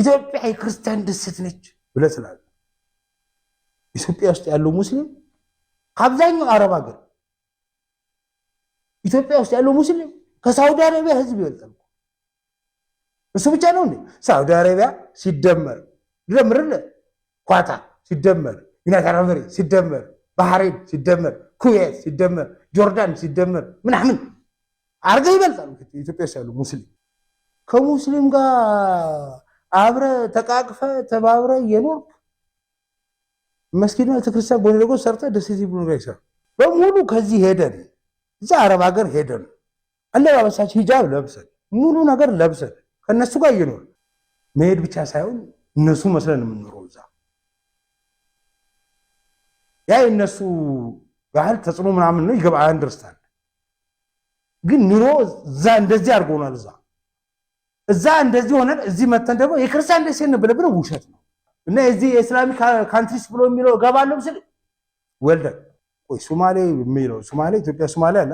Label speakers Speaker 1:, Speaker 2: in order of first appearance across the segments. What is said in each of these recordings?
Speaker 1: ኢትዮጵያ የክርስቲያን ደሴት ነች ብለ ስላለ ኢትዮጵያ ውስጥ ያለው ሙስሊም ከአብዛኛው አረብ ሀገር ኢትዮጵያ ውስጥ ያለው ሙስሊም ከሳውዲ አረቢያ ህዝብ ይበልጣል። እሱ ብቻ ነው እንዴ? ሳውዲ አረቢያ ሲደመር ደምር ኳታ ሲደመር ዩናይት አረብ ሲደመር ባህሬን ሲደመር ኩዌት ሲደመር ጆርዳን ሲደመር ምናምን አርገ ይበልጣል ኢትዮጵያ ውስጥ ያሉ ሙስሊም ከሙስሊም ጋር አብረ ተቃቅፈ ተባብረ እየኖርክ መስጊድና ቤተክርስቲያን ጎን ለጎን ሰርተ ደሴ ብሎ ይሰር በሙሉ ከዚህ ሄደን እዛ አረብ ሀገር ሄደን አለባበሳች ሂጃብ ለብሰን ሙሉ ነገር ለብሰን ከእነሱ ጋር እየኖር መሄድ ብቻ ሳይሆን እነሱ መስለን የምንኖረው እዛ ያ የእነሱ ባህል ተጽዕኖ ምናምን ነው ይገባ አንደርስታንድ ግን ኑሮ እዛ እንደዚህ አድርጎናል እዛ እዛ እንደዚህ ሆነን እዚህ መተን ደግሞ የክርስቲያን ደሴ ብለብለው ውሸት ነው እና የዚህ የኢስላሚክ ካንትሪስ ብሎ የሚለው እገባለሁ ስል ወልደን ወይ ሶማሌ የሚለው ሶማሌ ኢትዮጵያ ሶማሌ አለ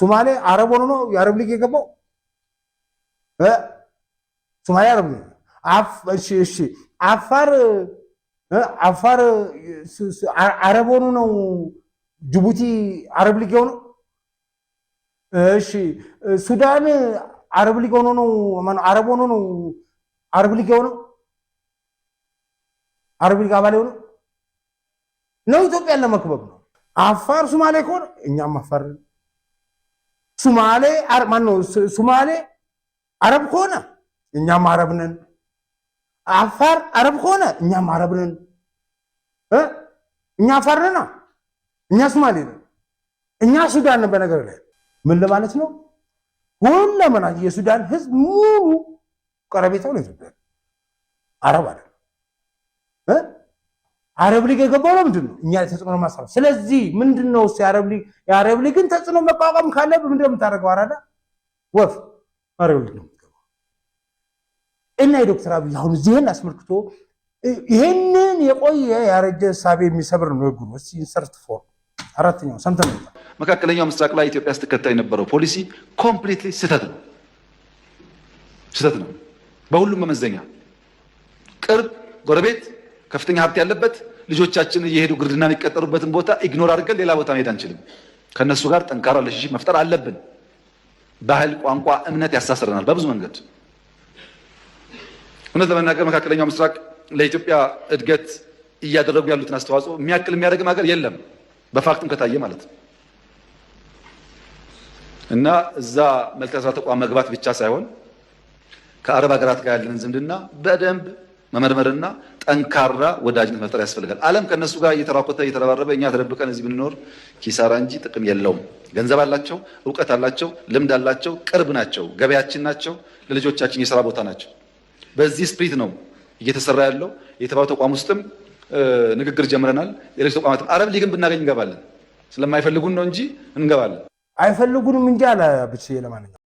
Speaker 1: ሶማሌ አረብ ሆኖ ነው የአረብ ሊግ የገባው ሶማሌ አረብ ነው። እሺ አፋር አፋር አረብ ሆኖ ነው ጅቡቲ አረብ ሊግ የሆነው። እሺ ሱዳን አረብ ሊግ ሆኖ ነው ማነው አረብ ሆኖ ነው አረብ ሊግ ሆኖ አረብ ሊግ አባል ሆኖ ነው ኢትዮጵያን ለመክበብ ነው። አፋር ሱማሌ ከሆነ እኛም አፋር ሱማሌ ማነው ሱማሌ አረብ ከሆነ እኛም አረብ ነን። አፋር አረብ ከሆነ እኛም አረብ ነን። እኛ አፋር ነና፣ እኛ ሱማሌ ነን፣ እኛ ሱዳን ነን። በነገር ላይ ምን ለማለት ነው ሁለመና የሱዳን ህዝብ ሙሉ ቀረቤታው ለኢትዮጵያ አረብ አለ አረብ ሊግ የገባው ለምንድን ነው? እኛ ተጽዕኖ ማሳብ። ስለዚህ ምንድን ነው የአረብ ሊግ የአረብ ሊግን ተጽዕኖ መቋቋም ካለ ምንድን ነው የምታደርገው? አራዳ ወፍ አረብ ሊግ ነው የምትገባው። እና የዶክተር አብይ አሁን እዚህን አስመልክቶ ይህንን የቆየ ያረጀ ሳቤ የሚሰብር ነው። ጉሮስ ኢንሰርት ፎር አራተኛው ሰምተን
Speaker 2: መካከለኛው ምስራቅ ላይ ኢትዮጵያ ስትከተል የነበረው ፖሊሲ ኮምፕሊትሊ ስህተት ነው፣ ስህተት ነው በሁሉም መመዘኛ። ቅርብ ጎረቤት፣ ከፍተኛ ሀብት ያለበት ልጆቻችን እየሄዱ ግርድና የሚቀጠሩበትን ቦታ ኢግኖር አድርገን ሌላ ቦታ መሄድ አንችልም። ከእነሱ ጋር ጠንካራ ለሽሽ መፍጠር አለብን። ባህል፣ ቋንቋ፣ እምነት ያሳስረናል በብዙ መንገድ። እውነት ለመናገር መካከለኛው ምስራቅ ለኢትዮጵያ እድገት እያደረጉ ያሉትን አስተዋጽኦ የሚያክል የሚያደርግም ሀገር የለም። በፋክትም ከታየ ማለት ነው እና እዛ መልቀሳ ተቋም መግባት ብቻ ሳይሆን ከአረብ ሀገራት ጋር ያለን ዝምድና በደንብ መመርመርና ጠንካራ ወዳጅነት መፍጠር ያስፈልጋል። ዓለም ከእነሱ ጋር እየተራኮተ እየተረባረበ እኛ ተደብቀን እዚህ ብንኖር ኪሳራ እንጂ ጥቅም የለውም። ገንዘብ አላቸው፣ እውቀት አላቸው፣ ልምድ አላቸው፣ ቅርብ ናቸው፣ ገበያችን ናቸው፣ ለልጆቻችን የስራ ቦታ ናቸው። በዚህ ስፕሪት ነው እየተሰራ ያለው የተባለው ተቋም ውስጥም ንግግር ጀምረናል። ሌሎች ተቋማት አረብ ሊግን ብናገኝ እንገባለን። ስለማይፈልጉን ነው እንጂ እንገባለን። አይፈልጉንም እንጂ አለ ብቻ ለማንኛውም